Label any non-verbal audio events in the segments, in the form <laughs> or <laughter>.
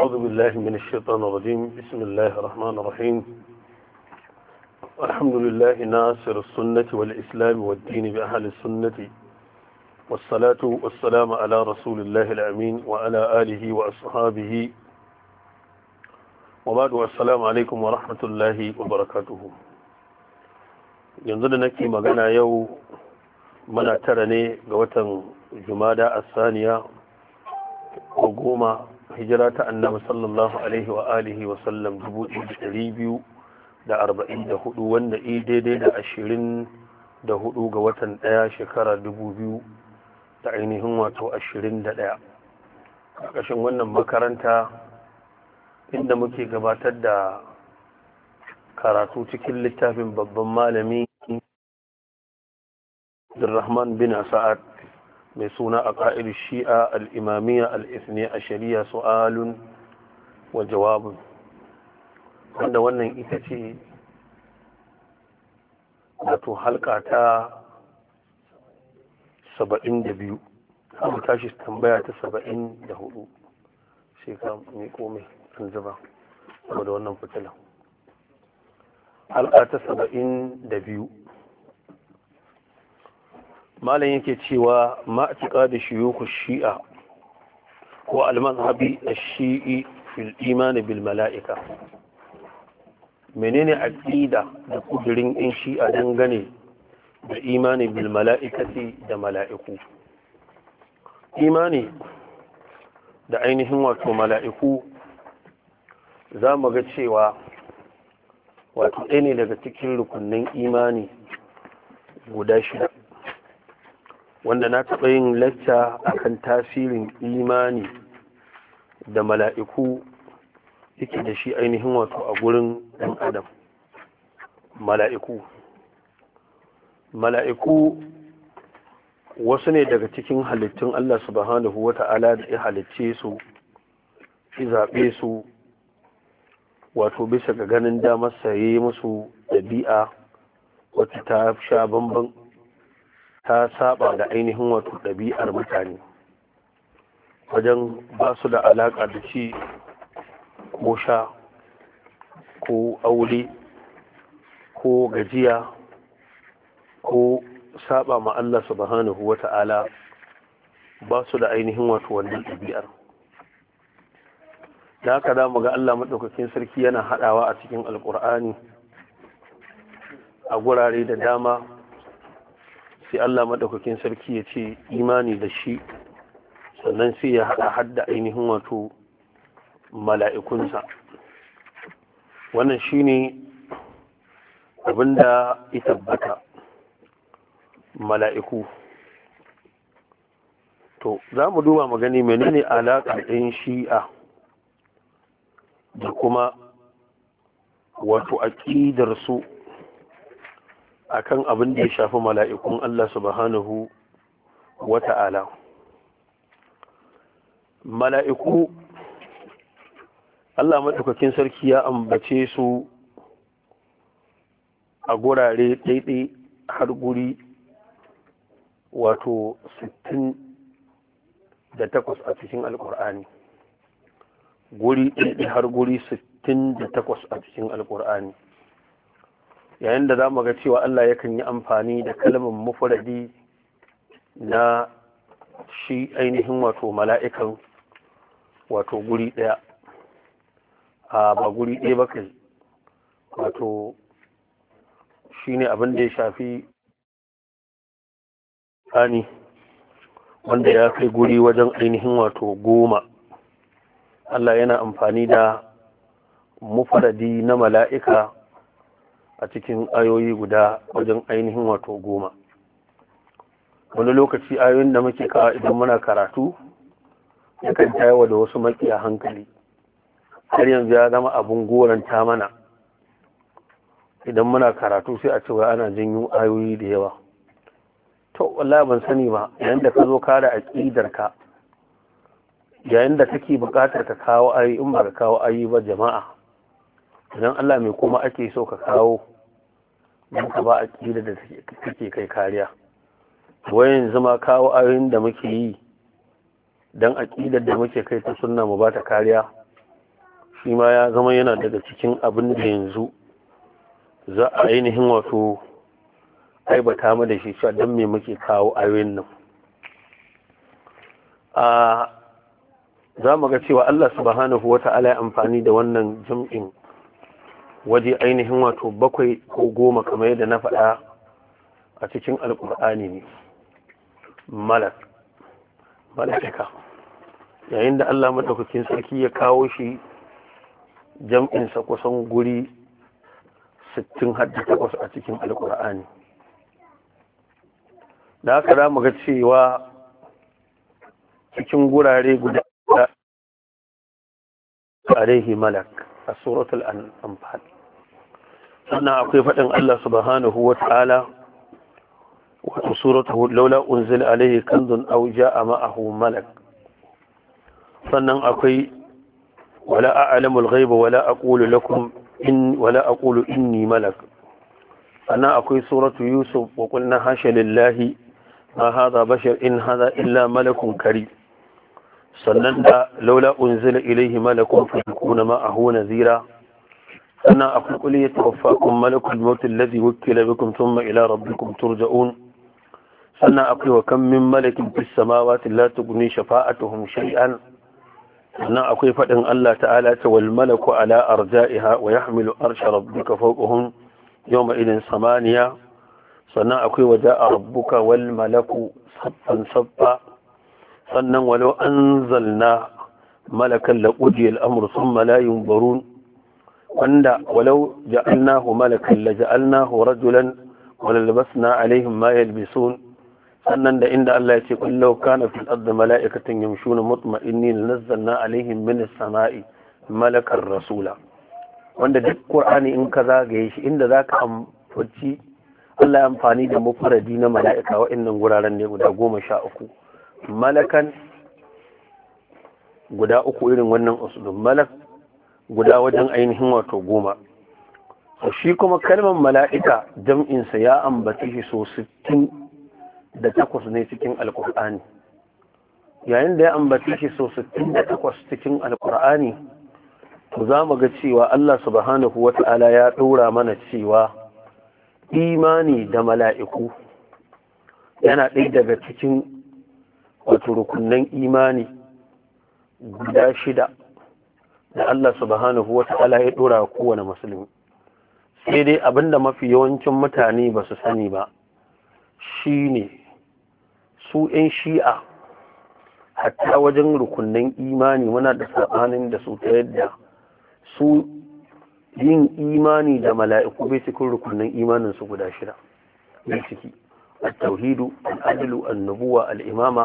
أعوذ بالله من الشيطان الرجيم بسم الله الرحمن الرحيم الحمد لله ناصر السنة والإسلام والدين بأهل السنة والصلاة والسلام على رسول الله الأمين وعلى آله وأصحابه وبعد السلام عليكم ورحمة الله وبركاته ينظر نكي مغانا يو منا ترني قوة جمادة الثانية وقومة hijira ta annabi sallallahu alaihi wa alihi wa sallam dubu ɗari biyu da arba'in da hudu wanda i daidai da ashirin da hudu ga watan ɗaya shekara dubu biyu da ainihin wato ashirin da ɗaya ƙarƙashin wannan makaranta inda muke gabatar da karatu cikin littafin babban malami Abdulrahman bin Sa'ad mai suna a ƙa'ir shi'a al'imamiyya al'isne a shari'a su'alun wa jawabin wanda wannan ita ce wato halka ta saba'in da biyu abu tashi tambaya ta saba'in da hudu shi ka mai komai an zuba wadda wannan fitila. halka ta saba'in da biyu malam yake cewa ma'atika da shiyuku shi'a ko almazhabi shi'i fil imani bil mala'ika menene aqida da kudirin in shi'a dangane da imani bil mala'ikati da mala'iku imani da ainihin wato mala'iku za mu ga cewa wato ɗaya ne daga cikin rukunin imani guda shida wanda na taɓa yin lacca akan tasirin imani da mala'iku yake da shi ainihin wato a gurin ɗan adam mala'iku mala'iku wasu ne daga cikin halittun Allah subhanahu wa ta'ala da ya halicce su shi zaɓe su wato bisa ga ganin damar saye musu ɗabi'a wata ta sha bambam. ta saba da ainihin wato ɗabi'ar mutane wajen ba su da alaƙa da ci ko sha ko aure ko gajiya ko saba ma Allah subhanahu wa ta'ala ba su da ainihin wato wannan ɗabi'ar da haka za mu ga Allah maɗaukakin sarki yana haɗawa a cikin alƙur'ani a gurare da dama sai Allah maɗaukakin sarki ya ce imani da shi sannan sai ya haɗa hadda ainihin wato mala'ikunsa wannan shi shine abinda ya tabbata mala'iku to za mu duba magani menene alaƙa ɗin shi'a da kuma wato aƙidarsu akan abin da ya shafi mala'ikun Allah subhanahu wa ta'ala mala'iku Allah maɗaukakin sarki ya ambace su a gurare daidai har guri wato takwas a cikin alkur'ani guri daidai har guri 68 a cikin yayin da za mu ga cewa Allah yakan yi amfani da kalmar mufradi na shi ainihin wato mala'ikan wato guri ɗaya a ba guri ɗaya ba kai wato shi ne abin da ya shafi tsani wanda ya kai guri wajen ainihin wato goma Allah yana amfani da mufaradi na mala'ika a cikin ayoyi guda wajen ainihin wato goma wani lokaci ayoyin da muke kawa idan muna karatu yakan tayawa da wasu makiya hankali har yanzu ya zama abin goranta mana idan muna karatu sai a cewa ana janyo ayoyi da yawa to wallahi ban sani ba yayin da ka zo ka da aqidar ka yayin da kake buƙatar ka kawo ayi in ba ka kawo ayi ba jama'a idan Allah mai kuma ake so ka kawo don ba a kila da kake kai kariya wayan zama kawo ayoyin da muke yi don aƙidar da muke kai ta sunna mu ba ta kariya shi ma ya zama yana daga cikin abin da yanzu za a ainihin wato aibata mu da shi cewa don me muke kawo ayoyin nan a za mu ga cewa Allah subhanahu wa ta'ala ya amfani da wannan jam'in waje ainihin wato bakwai ko goma kamar yadda na faɗa a cikin Alƙur'ani ne malak malakaka yayin da allah maɗaukakin sarki ya kawo shi jam'insa kusan guri 68 a cikin Alƙur'ani. da haka za ga cewa cikin gurare guda alaihi malak a suratul anfal sannan akwai faɗin Allah subhanahu wa ta'ala wato suratu laula unzila Alayhi, kanzun aw ja'a ma'ahu malak sannan akwai wala a'lamul ghaiba wala aqulu lakum in wala aqulu inni malak sannan akwai suratu yusuf wa qulna hasha lillahi ma hadha bashar in hadha illa malakun karim sannan da laula unzila ilaihi malakun fa yakuna ma ma'ahu nazira sannan akwai kulli yatawaffakum malakul maut alladhi wukkila bikum thumma ila rabbikum turja'un sannan akwai wa kam min malakin fis samawati la tughni shafa'atuhum shay'an sannan akwai fadin Allah ta'ala ta wal malaku ala arja'iha wa yahmilu arsha rabbika fawqahum yawma idin samaniya sannan akwai waja'a rabbuka wal malaku saffan saffa sannan walau zalna malakan la qudiya al-amru thumma wanda walau hu malakan la hu rajulan walalbas na alaihin mayal bisun sannan da inda Allah ya ce qul law kana fil mala'ikatan mala'ikatun yamshuna mutma'innin nazzalna na alaihin as sana’i malakan rasula wanda duk qur'ani in ka zagaye shi inda zaka amfaci Allah ya amfani da mafaradi na mala'ika wa'annan guraren ne guda goma sha uku malakan guda uku irin wannan usulun malak guda wajen ainihin wato goma shi kuma kalmar mala'ika jam'insa ya ambaci shi so sittin da takwas ne cikin alkur'ani yayin da ya ambaci shi so sittin da takwas cikin alkur'ani to za mu ga cewa Allah subhanahu wata'ala ya ɗora mana cewa imani da mala'iku yana ɗaya daga cikin wato rukunan imani guda shida da Allah subhanahu wa ta'ala ya dora kowane musulmi sai dai abinda mafi yawancin mutane ba su sani ba shine su 'yan shi'a hatta wajen rukunan imani muna da sabanin da su ta yadda su yin imani da mala'iku bai cikin rukunan imanin su guda shida bai ciki التوحيد العدل النبوة الإمامة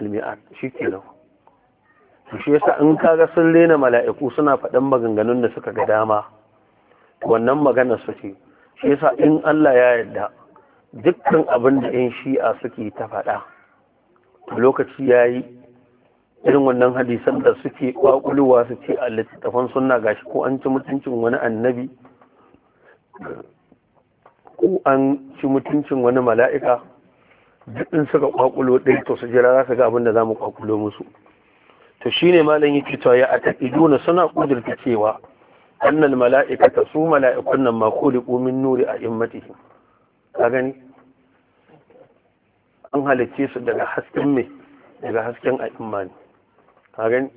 almi'at shi ke nan shi yasa in kaga sun lena mala'iku suna faɗan maganganun da suka ga dama wannan magana su ce shi yasa in Allah ya yarda dukkan abin da yan shi'a suke ta faɗa lokaci ya yi irin wannan hadisan da suke ƙwaƙulwa su ce a littattafan sunna gashi ko an ci mutuncin wani annabi ko an ci mutuncin wani mala'ika in suka kwakulo ɗaya to su jira za su ga abin da za mu kwakulo musu to shine malam yake a ya ataqiduna suna kudurta cewa annal mala'ikata su mala'ikun nan ma khuliqu min nuri a'immatihim ka gani an halicce su daga hasken me daga hasken a'imma ne ka gani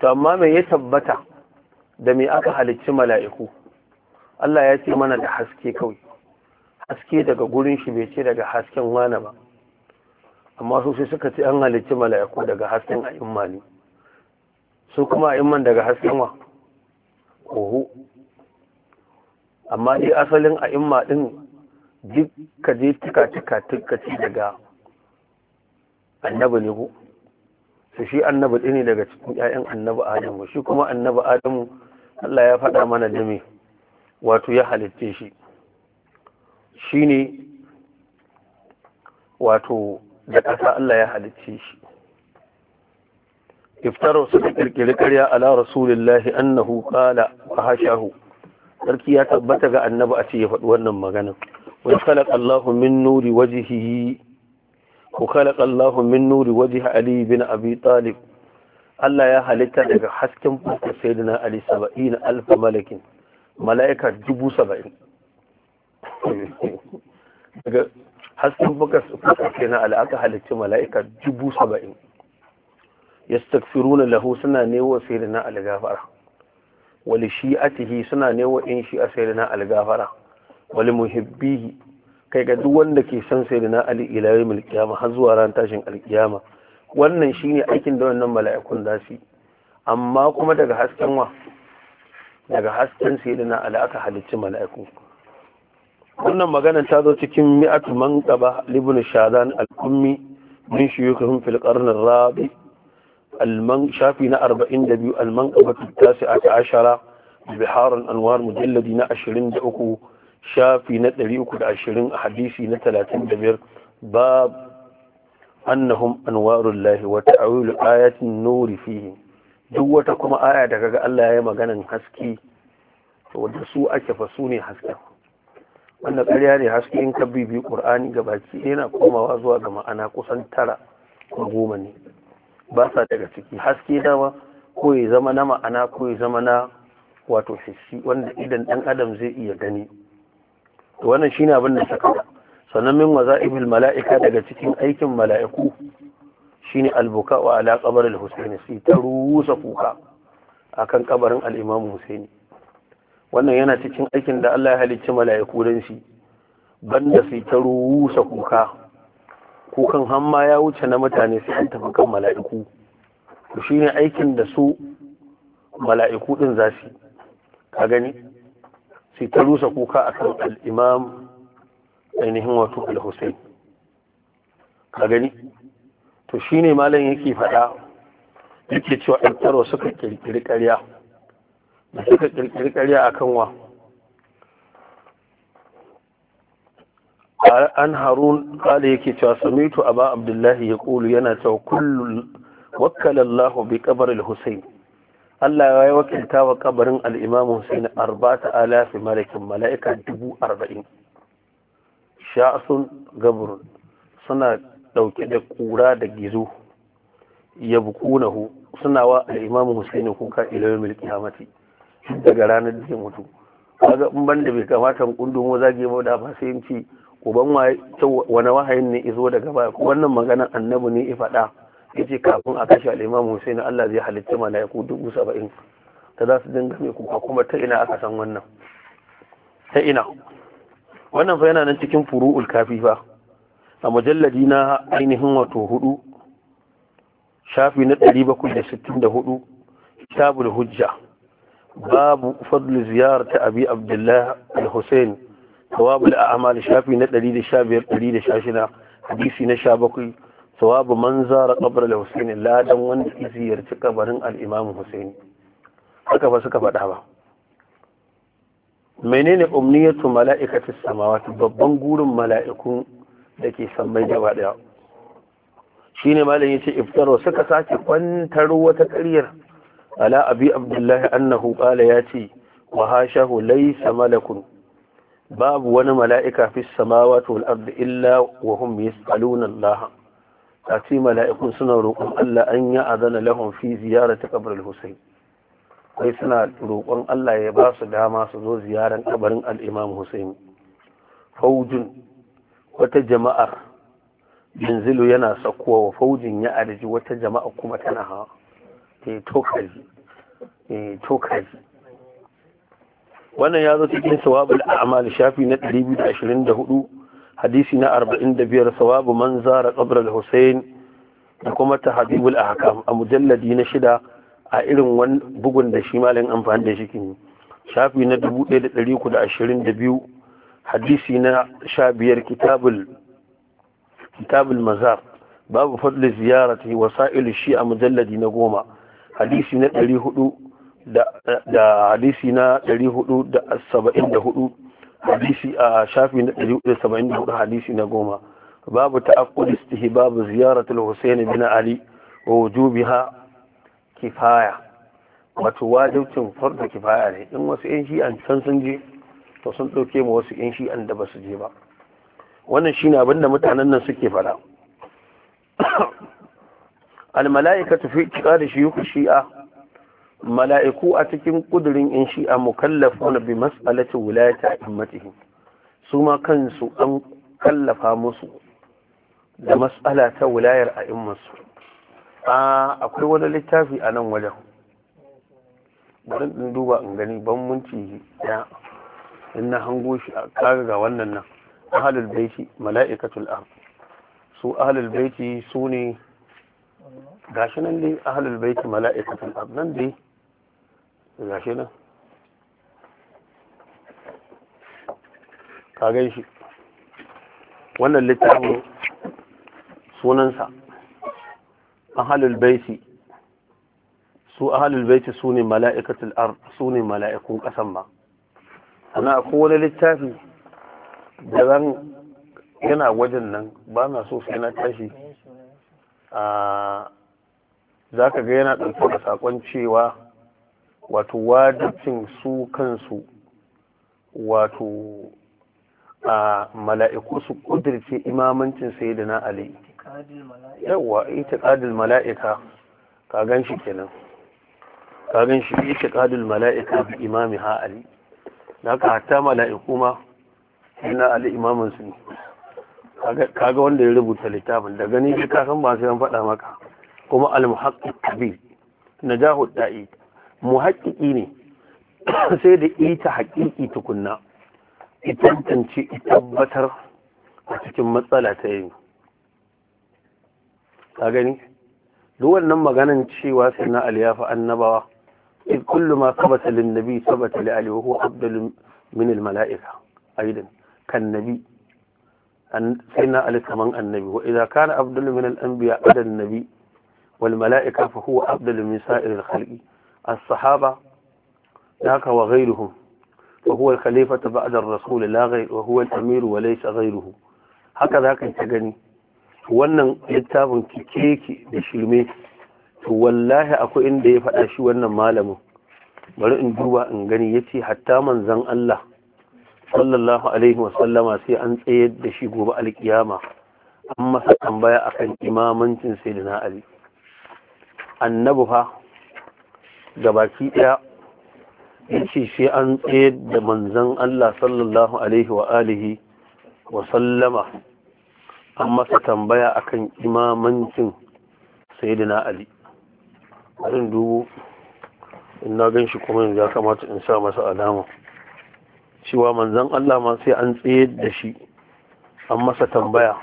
to amma me ya tabbata da me aka halicci mala'iku Allah ya ce mana da haske kawai haske daga gurin shi bai ce daga hasken wane ba amma su sai suka ce an halicci mala'iku daga hasken a'imma ne su kuma a'imman daga hasken wa kohu amma dai asalin a'imma din duk ka je tika tika tika ci daga annabi ne ko su shi annabi din ne daga cikin 'ya'yan annabi adamu shi kuma annabi adamu Allah ya faɗa mana da me wato ya halitte shi shi ne wato da ƙasa Allah ya halicce shi iftaro suka kirkiri karya ala rasulillahi annahu qala wa hashahu sarki ya tabbata ga annabi a ce ya faɗi wannan magana wa khalaqa Allahu min nuri wajhihi wa Allahu min nuri wajhi Ali bin Abi Talib Allah ya halitta daga hasken fuskar Sayyidina Ali 70 alf malakin mala'ika dubu saba'in. <laughs> hasken buga suka na al'aka halicci mala'ika dubu saba'in ya lahu suna newa sai da na algafara wali shi'atihi suna newa in shi'a sai da na algafara wali muhibbihi kai ga duk wanda ke san sai da na ali milkiyama har zuwa ran tashin alkiyama wannan shine aikin da wannan mala'ikun za amma kuma daga hasken wa daga hasken sai da na al'aka halicci mala'iku wannan maganar ta zo cikin mi'atu man qaba libun shadan al-kummi min shuyukhum fil qarn ar-rabi al-man shafi na 42 al-man qaba tasi'ata ashara bihar al-anwar mujalladi na 23 shafi na 320 hadisi na 35 bab annahum anwarul lahi wa ta'awul ayatin nuri fihi duk wata kuma aya daga ga Allah ya yi maganan haske to da su ake fa sune ne hasken Wannan karya ne haske in ka bibi ƙur'ani ga baki yana komawa zuwa ga ma'ana kusan tara ko goma ne ba sa daga ciki haske dama ko ya zama na ma'ana ko ya zama na wato hissi wanda idan ɗan adam zai iya gani to wannan shine abin da saka sannan min wa waza'ibil mala'ika daga cikin aikin mala'iku shine albuka wa ala qabr al-husaini sai ta rusa kuka akan kabarin al imamu husaini wannan yana cikin aikin da Allah ya halicci mala'iku don shi banda sai ta rusa kuka kukan hamma ya wuce na mutane sai an tafi kan mala'iku to shine aikin da su mala'iku din za su ka gani sai ta rusa kuka akan al-imam ainihin wato al-Husayn ka gani to shine malam yake faɗa yake cewa ɗan suka kirkiri ƙarya da suka kirkiri ƙarya a kan wa an harun kada yake cewa samitu aba abdullahi ya ƙulu yana cewa kullum wakalallahu bi ƙabar al-husayn Allah ya wakilta wa kabarin al-imam Hussein alafi malakin mala'ika dubu arba'in sha'asun gabrun suna ɗauke da ƙura da gizo yabkunahu suna wa al-imam Hussein kuka ilayen milki hamati daga ranar da ke mutu kaga in banda bai kamata mu zage ba da ba sai ci uban wani wahayin ne izo daga baya wannan maganar annabi ne ya faɗa yace kafin a kashe al'imam Hussein Allah zai halitta mala'iku dubu saba'in ta za su dinga mai kuka kuma ta ina aka san wannan ta ina wannan fa yana nan cikin furu'ul kafi ba. a mujalladi na ainihin wato hudu shafi na 764 kitabul hujja babu fadlu ziyarar ta abi abdullah al-hussein ثواب الأعمال شافي ندليل شابير دليل شاشنا حديثي نشابقي ثواب من زار قبر الحسين لا دم زيارة قبر الإمام حسين haka ba suka faɗa ba menene umniyatu mala'ikatu samawati babban gurin mala'ikun da ke sammai gaba ɗaya shine malam yace iftaru suka sake kwantar wata ƙaryar ala abi abdullahi annahu qala yace wa hashahu laysa malakun babu wani mala'ika fi samawati wal ardi illa wa hum yas'aluna Allah tati mala'ikun suna roƙon Allah an ya azana lahum fi ziyarati qabr al-Husayn kai suna roƙon Allah ya ba su dama su zo ziyaran kabarin al-Imam Husayn faujun wata jama'ar yanzilu yana sakuwa wa faujin ya arji wata jama'a kuma tana hawa Eh, eh, wannan ya zo cikin da a'mal shafi na 224 hadisi na 45 sawabu man zara qabr al-husayn da kuma tahdibul ahkam a mujalladi na shida a irin wani bugun da shi malin amfani da shi kin shafi na 1322 hadisi na 15 kitabul kitabul mazar babu fadli ziyarati wasa'il a mujalladi na goma hadisi na ɗari hudu da hadisi na ɗari hudu da saba'in da hudu hadisi a shafi na ɗari hudu da saba'in da hudu hadisi na goma babu ta ta'aqqud istihbab ziyaratul Husaini bin Ali wa ha kifaya wato wajibcin farko kifaya ne in wasu yan shi an san sun je to sun ɗauke ma wasu yan shi an da basu je ba wannan shi na abinda mutanen nan suke faɗa almala'ikatu fi da shuyukh shi'a mala'iku a cikin kudurin in shi'a na bi mas'alati wilayati a'immatihim su ma kansu an kallafa musu da mas'ala ta wilayar a a akwai wani littafi a nan wajen bari in duba in gani ban munci ɗaya in na hango shi a kaga ga wannan nan ahalul baiti mala'ikatul am su ahalul baiti su ne gashi nan dai ahalul baiti mala'ikatul ab nan dai gashi nan ka gan shi wannan littafin sunansa ahalul baiti su ahalul baiti su ne mala'ikatul ar su ne mala'ikun kasan ma ana ko wani littafi da zan yana wajen nan ba na so sai na tashi a ah, za ka ga yana ɗauke da saƙon cewa wato wajibcin su kansu wato a mala'iku su ƙudurce imamancin sai da na ali yawa ƙadil mala'ika ka gan shi kenan ka gan shi ƙadil mala'ika bi imami ha ali da ka hatta mala'iku ma yana ali imamansu ne kaga wanda ya rubuta littafin da gani ka san ba sai an faɗa maka kuma al-muhaqqiq kabir najahu da'i muhaqqiqi ne <coughs> sai da ita haqiqi tukunna idan tantance tabbatar a cikin matsala ta yi ka gani duk wannan maganan cewa sanna al-yafa annabawa in kullu ma sabata lin nabi sabata li ali wa huwa afdalu min al-mala'ika aidan kan nabi an sayyidina ali kaman annabi wa idza kana afdalu min al-anbiya adan nabi wal mala'ika fa huwa afdalu min sa'iril khalqi as-sahaba daka wa ghayruhum fa huwa al-khalifatu ba'da ar-rasul la ghayr haka zaka ta gani wannan littafin keke da shirme to wallahi akwai inda ya faɗa shi wannan malamin bari in duba in gani ya ce hatta manzon Allah sallallahu alaihi wasallama sai an tsayar da shi gobe alkiyama an masa tambaya akan imamancin sayyidina Ali annabi fa baki ɗaya yace sai an tsaye da manzan Allah sallallahu alaihi wa alihi wa sallama an masa tambaya akan imamancin sayyidina Ali arin dubu in na gan shi kuma ya kamata in sa masa alama cewa manzon Allah ma sai an tsaye da shi an masa tambaya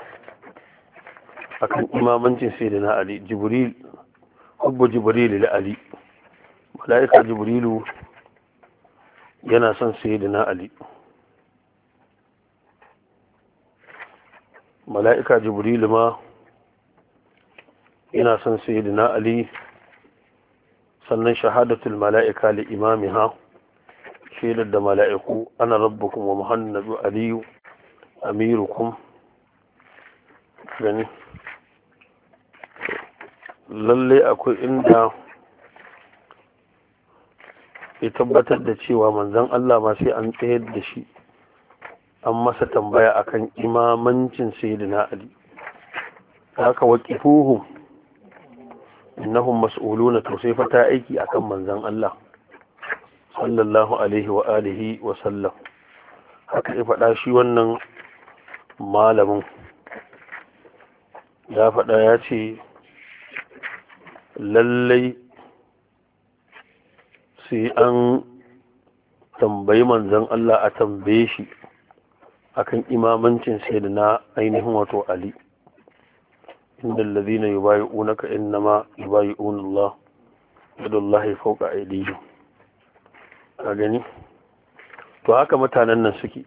akan imamancin sayyidina Ali Jibril hubbu jibril ali mala'ika jibrilu yana son sayyidina ali mala'ika jibrilu ma yana son sayyidina ali sannan shahadatul mala'ika li imamiha shaidar da mala'iku ana rabbukum wa muhammadu aliyu amirukum gani lalle akwai inda ya tabbatar da cewa manzon Allah ma sai an tsayar da shi an masa tambaya akan imamancin sai sayyidina Ali haka waqifuhum innahum mas'uluna to sai fata aiki akan manzon Allah sallallahu alaihi wa alihi wa sallam haka ya faɗa shi wannan malamin ya faɗa ya ce lallai sai an tambayi manzon Allah a tambaye shi akan imamancin na ainihin wato Ali inda alladhina yubayi'unaka innama yadda Allah yadullahi fawqa yi a gani to haka mutanen nan suke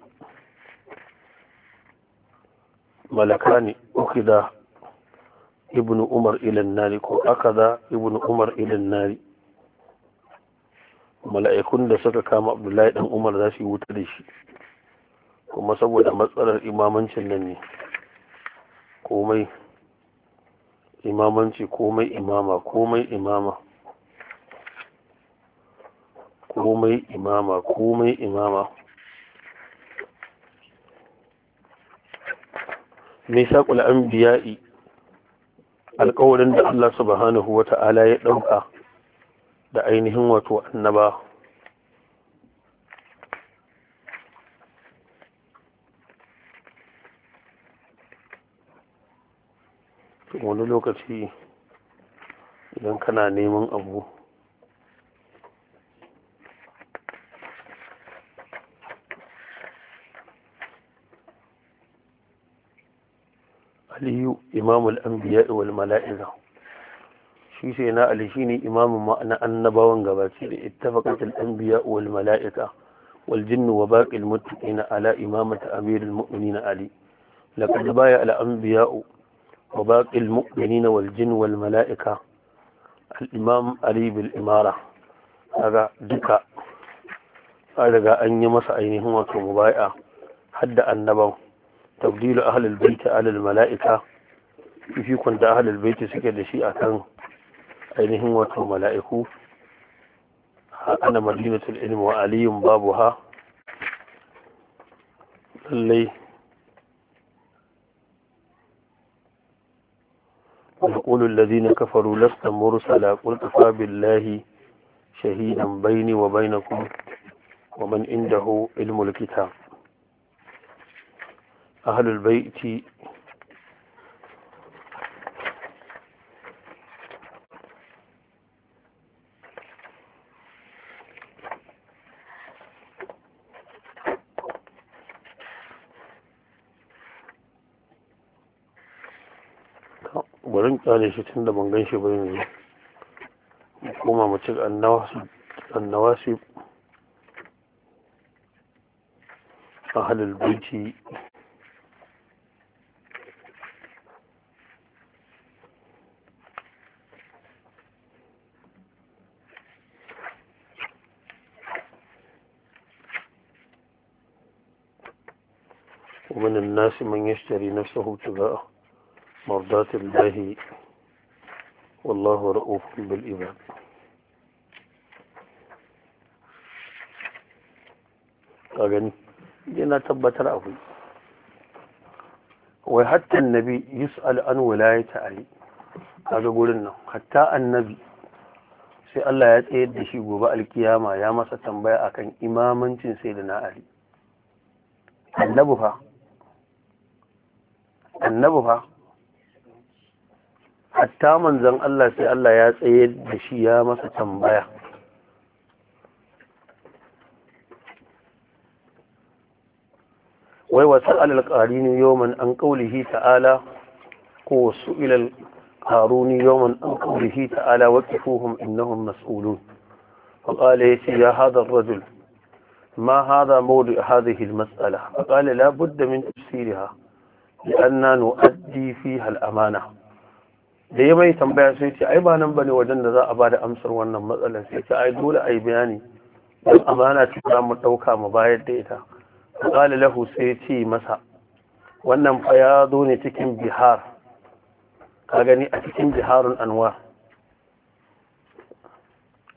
malaka ne da. ibn umar ilan nari ko aka za ibn umar ilan nari mala'ikun da suka kama abdullahi dan umar za su yi wuta da shi kuma saboda matsalar imamancin nan ne komai imamanci komai imama komai imama komai imama komai imama me saƙul an biya'i alkawarin da Allah subhanahu wa ta'ala ya ɗauka da ainihin wato annaba wani lokaci idan kana neman abu aliyu imamul anbiya wal mala’iza shi sai na ali ne imamin ma'ana annabawan gabaci da ita al ambiya wal mala'ika wal jinnu wa baqil muttaqin ala amirin amirul na ali laqad baya al wa baƙil baqil na wal jinn wal mala'ika al imam ali bil imara kaga duka an riga an yi masa ainihin wato mubaya hadda annabawan tabdilu ahlul baiti alal mala'ika fifikon da ahlul baiti suke da shi akan ainihin wato mala'iku ana madinatul ilmi wa aliyun babu ha lallai يقول الذين كفروا لست مرسلا قل كفى بالله شهيدا بيني وبينكم ومن عنده علم الكتاب أهل البيت barin kyale shi tun da ban shi ba ne kuma mace a ahalul baiti من يشتري نفسه ابتغاء مرضات الله والله رؤوف بالعباد ka yana tabbatar abu wai hatta annabi yus'al an wilayata ali kaga gurin nan hatta annabi sai Allah ya tsayar da shi gobe alkiyama ya masa tambaya akan imamancin sayyidina ali annabi fa annabi fa hatta manzon Allah sai Allah ya tsaye da shi ya masa tambaya wai wasu alalƙarini yoman an ƙaulihi ta'ala ko wasu ilal ƙaruni yoman an ƙaulihi ta'ala waƙifuhum innahum mas'ulun فقال يسي يا هذا الرجل ما هذا موضع هذه المسألة فقال لا بد من تفسيرها لأننا نؤدي hal amana. da ya mai tambaya sai ce ai ba nan bane wajen da za a bada amsar wannan matsalar sai ce ai dole ai bayani don amana ce za mu ɗauka mu bayar da ita qala lahu sai ce masa wannan fa ya zo ne cikin bihar ka gani a cikin biharun anwar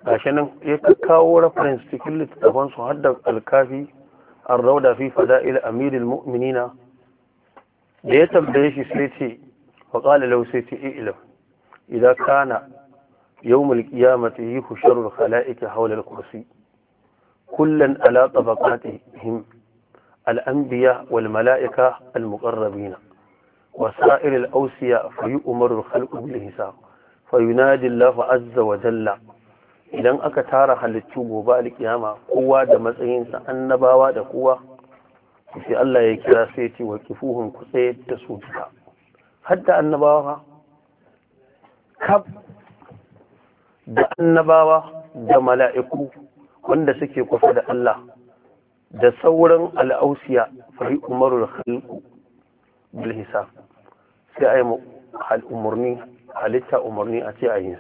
gashi nan ya kawo reference cikin littattafansu har da alkafi an rauda fi fada'il mu'minina da ya tambaye shi siti wa ƙala lau ta ilo idan kana yau mulki ya mata yi hushar haular kursi kullum alaƙa ba kati him al'ambiya wal mala'ika al-muƙarrabina wa sa'ir fa yi umarar halƙu bil hisa fa yi nadi azza wa jalla idan aka tara halittu gobe alƙiyama kowa da matsayinsa annabawa da kowa sai Allah ya kira sai ce wa kifuhun ku tsaye da su duka hatta annabawa kaf da annabawa da mala'iku wanda suke kusa da Allah da sauran al'ausiya fari umarul khalqu bil hisab sai ayi umurni halitta umarni a ce a yi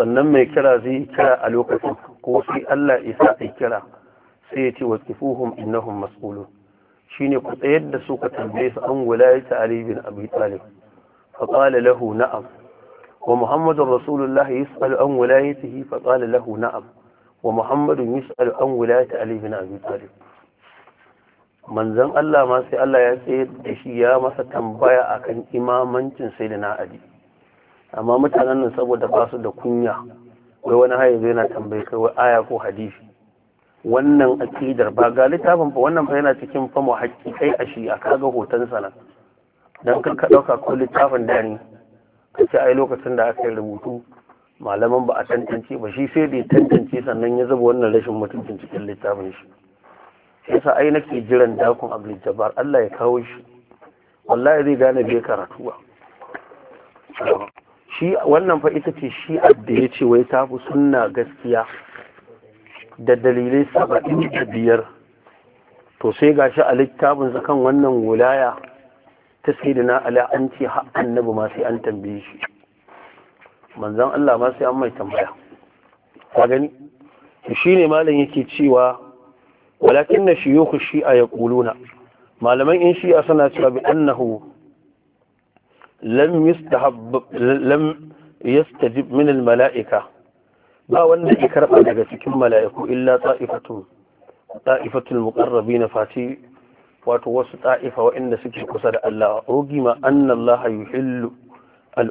sannan mai kira zai kira a lokacin ko sai Allah isa a kira sai ya ce wa tsifuhum masulu shi ne ku tsayar da su ka tambaye su an ya ali bin abu talib fa qala lahu na'am wa muhammadur rasulullah tsalu an ta fa qala lahu na'am wa muhammadun tsalu an ya ta bin abu talib Manzan Allah ma sai Allah ya tsayar da shi ya masa tambaya akan imamancin sai da na'adi amma mutanen nan saboda ba su da kunya wai wani haye zai na tambaye kai wai aya ko hadisi wannan akidar ba ga littafin ba wannan fa yana cikin fa mu haƙiƙai a shi a kaga hoton sana dan kan ka dauka ko littafin da ne kace ai lokacin da aka yi rubutu malaman ba a tantance ba shi sai da tantance sannan ya zuba wannan rashin mutuncin cikin littafin shi yasa ai nake jiran dakon Abdul Jabbar Allah ya kawo shi wallahi zai gane bai karatu ba shi wannan fa ita ce shi abda ya ce wai tafi sunna gaskiya da dalilai saba'in da biyar to sai shi a littafin kan wannan wulaya ta sai da na'ala an ce annabi ma sai an tambaye shi manzan Allah ma sai an mai tambaya ka gani shi ne malam yake cewa walakin na shi yoku shi'a ya ƙuluna malaman in shi'a suna cewa bi annahu lam yastajib min al mala'ika ba wanda ke karɓa daga cikin mala'iku illa ta'ifatun muƙarrabi na fati wato wasu ta'ifa waɗanda suke kusa da Allah rugima anna Allah yuhillu al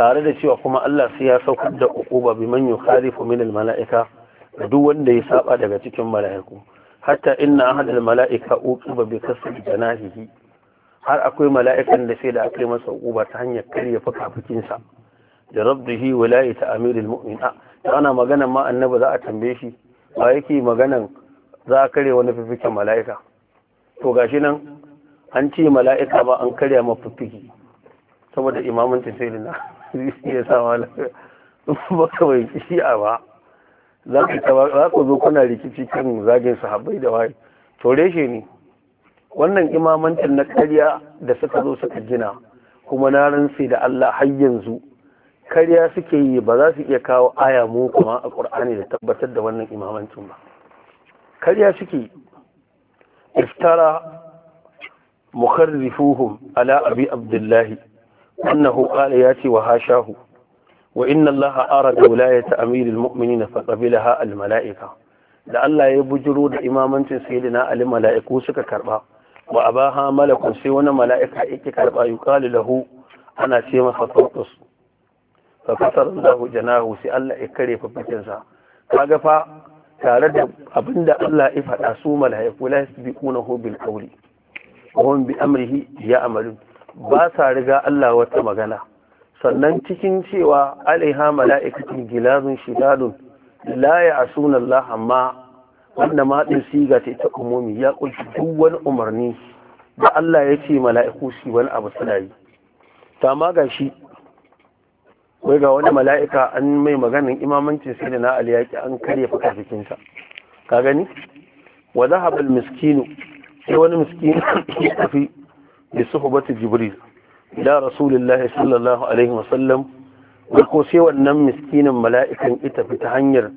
tare da cewa kuma Allah sai ya saukar da uquba biman yukhalifu min malaika da duk wanda ya saba daga cikin mala'iku hatta inna ahadal mala'ika uqiba bi kasri janahihi har akwai mala'ikan da sai da aka yi masa uquba ta hanyar karya fukafukinsa da rabdihi walayi ta amirul mu'min a ana maganan ma annabi za a tambaye shi ba yake maganan za a kare wani fifikin mala'ika to gashi nan an ce mala'ika ba an karya ma fifiki saboda imamin tafiya na ya sa mala'ika ba kawai shi'a ba za ku zo kuna rikici kan zagin sahabbai da waye to shi ne wannan imamantar na karya da suka zo suka gina kuma na rantse da Allah har yanzu karya suke yi ba za su iya kawo aya mu kuma a ƙur'ani da tabbatar da wannan imamancin ba karya suke iftara mukarrifuhum ala abi abdullahi annahu qala ce wa hashahu wa inna allaha arada wilayata amiril mu'minina fa qabilaha al mala'ika da Allah ya bujiro da imamancin sayyidina ali mala'iku suka karba wa abaha malakun sai wani mala'ika yake karba yuqalu lahu ana ce masa tawtus fa fasar Allahu janahu sai Allah ya kare fafikin sa kaga fa tare da abinda Allah ya faɗa su malaiku la yasbiqunahu bil qawli wahum bi amrihi ya amalu ba sa riga Allah wata magana sannan cikin cewa alaiha mala'ikatin gilazun shidadun la ya'suna Allah amma wanda din siga ta ta umumi ya kunshi duk wani umarni da Allah ya ce mala'iku shi wani abu suna yi ta ma ga wai ga wani mala'ika an mai maganin imamancin sai da na aliyaki an karya fuka jikinsa ka gani wa zahabal miskinu sai wani miskinu ya tafi da suhbatu jibril da rasulullahi sallallahu alaihi wasallam ko sai wannan miskinin mala'ikan ita tafi ta hanyar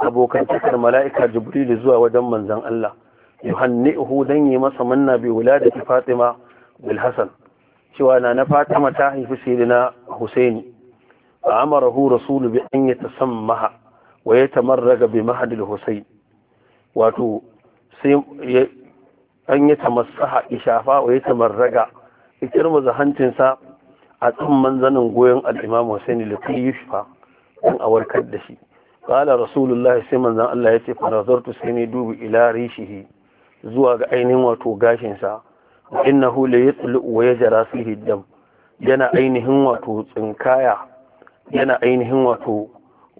abokantakar mala'ika jibril zuwa wajen manzon Allah yuhannihu dan yi masa manna bi wuladati fatima bil hasan cewa na na fatima ta haifi sayyidina husaini amarahu rasulu bi an yatasammaha wa yatamarraga bi mahadil husayn wato sai an yi tamassaha ishafa wa ya tamarraga ikir maza hancinsa a tsamman manzanin goyon al'imam Hussein da kai yushfa don a warkar da shi kala rasulullahi sai manzan Allah ya ce farazartu sai ne dubi ila rishihi zuwa ga ainihin wato gashinsa innahu la ya wa yajra fihi dam yana ainihin wato tsinkaya yana ainihin wato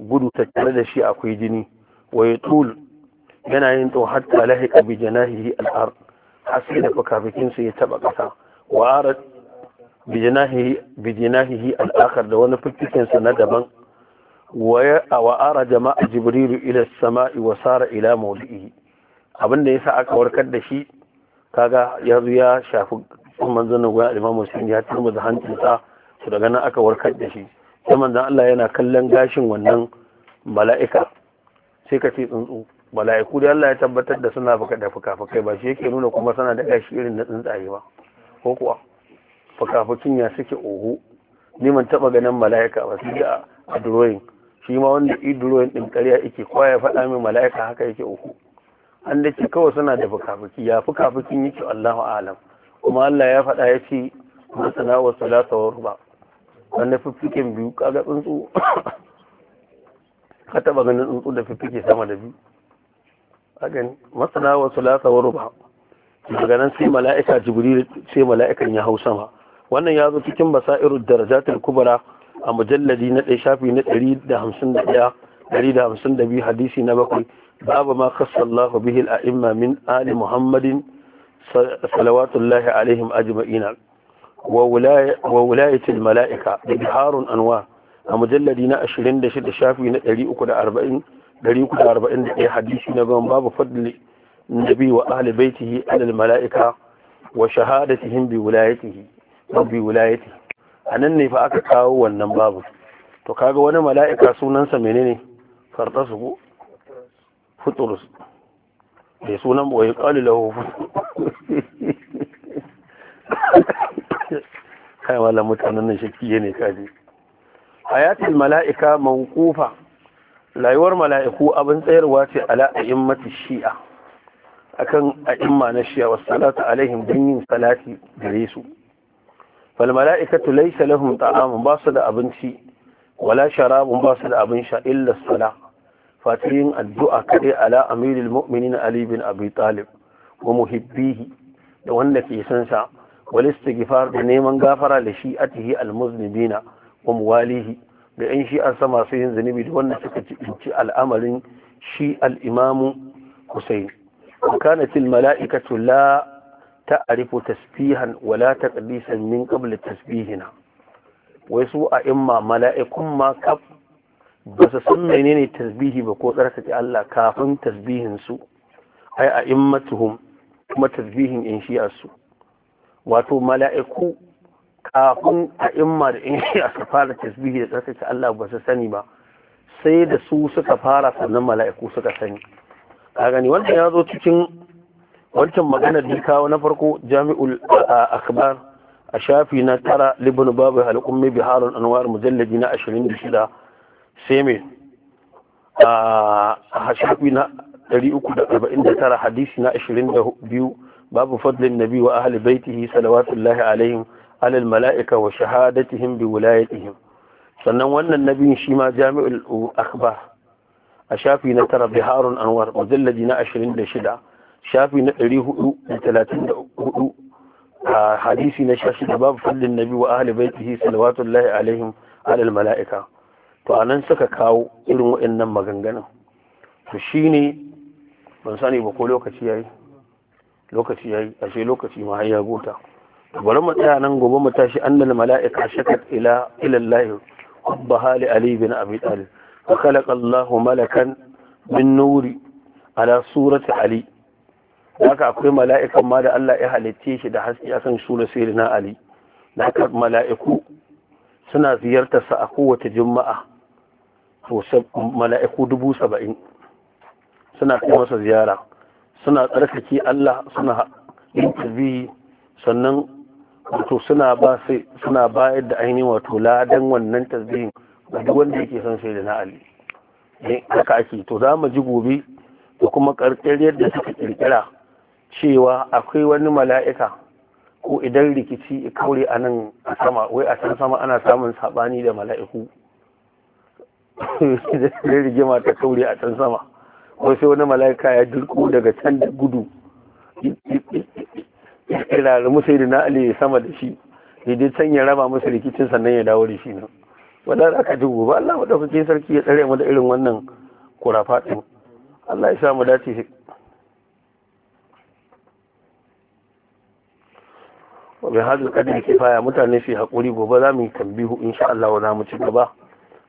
gudu ta tare da shi akwai jini wa tul yana yin to hatta lahiqa bi janahihi al'ar har sai da fukafikin su ya taba kasa wa arat bi janahihi bi janahihi al'akhar da wani fikkin sa na daban wa wa ara jama'a jibril ila samai wa sara ila mawdihi abinda yasa aka warkar da shi kaga yanzu ya shafi manzon gwa al-imam Muslim ya tuma da hancinsa to daga nan aka warkar da shi sai da Allah yana kallon gashin wannan mala'ika sai ka ce tsuntsu mala'iku da Allah ya tabbatar da suna da fuka-fukai ba shi yake nuna kuma suna da gashi irin na tsuntsaye ba ko kuwa fuka-fukin ya suke oho ni man taba ganin mala'ika ba sai da a drawing shi ma wanda i drawing din ƙarya yake kowa ya faɗa min mala'ika haka yake oho an da ke kawai suna da fuka-fuki ya fuka-fukin yake Allahu alam kuma Allah ya faɗa ya ce masana wasu salata wa ruba wanda fiffiken biyu kaga tsuntsu <coughs> ka taba ganin tsuntsu da fiffike sama da biyu a ne masana wa sulasa wa ruba daga nan sai mala'ika jibril sai mala'ikan ya hau sama wannan ya zo cikin basairu darajatul kubra a mujalladi na dai shafi na ɗari da hamsin da biyu hadisi na bakwai babu ma kassallahu bihi al'imma min ali muhammadin salawatullahi alaihim ajma'ina wa wulayatul mala'ika da biharun anwa a mujalladi na 26 shafi na 340 341 hadisi na gaban babu fadli nabi wa ahli baitihi alal mala'ika wa shahadatihim bi wulayatihi bi wulayati anan ne fa aka kawo wannan babu to kaga wani mala'ika sunansa menene fartasu futurus da sunan boye qalu lahu kai wala mutanen nan shakiye ne kaji hayatul mala'ika mawqufa rayuwar mala'iku abin tsayarwa ce ala a'immati shi'a akan a'imma na shi'a wasu salatu alaihim dan yin salati gare su fal mala'ikatu laysa lahum ta'amun ba su da abinci wala sharabun ba su da abin sha illa sala yin addu'a kaɗai ala amiril mu'minin ali bin abi talib wa muhibbihi da wanda ke san sa والاستغفار da neman gafara da shi atihi almuznibina wa muwalihi da yan shi'ar sa masu yin zunubi da wannan suka ci al'amarin shi al'imamu Hussein kana cin mala'ikatu la ta'rifu tasbihan wala la taqdisan min tasbihina wai su a imma mala'ikum ma kaf ba su san menene tasbihi ba ko tsarkake Allah kafin tasbihin su ai a immatuhum kuma tasbihin in shi'ar su wato mala'iku kafin a imma da in shi aka fara tasbihi da tsarkake Allah ba su sani ba sai da su suka fara sannan mala'iku suka sani ka gani wanda ya zo cikin wancan magana da kawo na farko jami'ul akbar a shafi na tara libin babu halakun mai biharun anwar mujallabi na ashirin da shida sai mai a shafi na ɗari uku da arba'in da tara hadisi na ashirin da biyu babu fadlin nabi wa ahli baitihi salawatullahi alaihim alal mala'ika wa shahadatihim bi wilayatihim sannan wannan nabiyin shi ma jami'ul akhbar a shafi na tara biharun anwar mujallaji na 26 shafi na 434 a hadisi na shashi da babu fadlin nabi wa ahli baitihi salawatullahi alaihim alal mala'ika to anan suka kawo irin waɗannan maganganun to shine ban sani ba ko lokaci yayi lokaci yayi ashe lokaci ma ya gota bari mu nan gobe mu tashi annal mala'ika shakat ila ila Allah hubbaha hali ali bin abi talib fa khalaqa Allah malakan min nuri ala surati ali haka akwai mala'ikan ma da Allah ya halitte shi da haske akan sura na ali da haka mala'iku suna ziyartar sa a kowace juma'a to mala'iku dubu saba'in suna kai masa ziyara suna tsarkake Allah suna yin tasbihi sannan wato suna ba sai suna bayar da ainihin wato ladan wannan tasbihin ga duk wanda yake son sai da na Ali ne eh, haka ake to za mu ji gobe da kuma karkar yadda suka kirkira cewa akwai wani mala'ika ko idan rikici ya kaure a nan a sama wai a can sama ana samun sabani da mala'iku <laughs> da rigima ta kaure a can sama ko sai wani mala'ika ya dirko daga can da gudu ya kirara musu da na ali sama da shi ya je can ya raba musu rikicin sannan ya dawo da shi nan wadda aka ji gobe Allah madaukakin sarki ya tsare mu irin wannan kurafa Allah ya sa mu dace shi wabin hadal kadin kifaya mutane su hakuri gobe za mu yi tambihu insha Allah za mu ci gaba